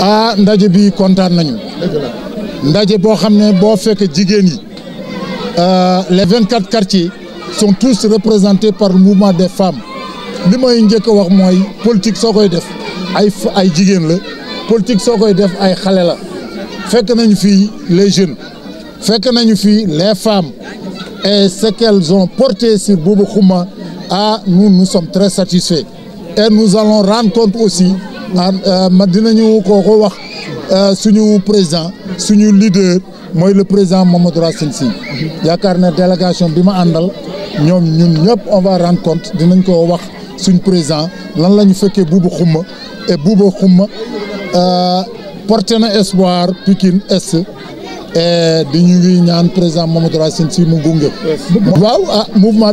ah ndaje bi nañu ndaje bo xamné bo fekk jigéen yi euh, les 24 quartiers sont tous représentés par le mouvement des femmes li may a wax moy politique sokoy def ay ay jigéen la politique sokoy def ay xalé la fekk nañu fi les jeunes fekk nañu fi les femmes et ce qu'elles ont porté sur Boubou Khouma ah nous nous sommes très satisfaits et nous allons rendre compte aussi je euh, ma vous wax euh, président suñu leader le président Mamadou la Sy a une délégation bi ma àndal on va rendre compte dinañ ko wax président lan la ñu fekkee buuba xumma et buuba xumma euh, porté na espoir Pikine Est Et vous êtes ñaan Mamadou Sy mu ah, mouvement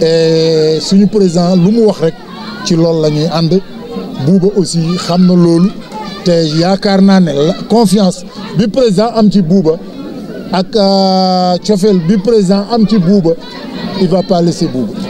et euh, suñu président lu mu wax rek ci loolu la ñuy ànd aussi xam na loolu te yaakaar naa ne confiance bi président am ci buuba ak euh, cofeel bi président am ci buuba il va pas laisser Bouba.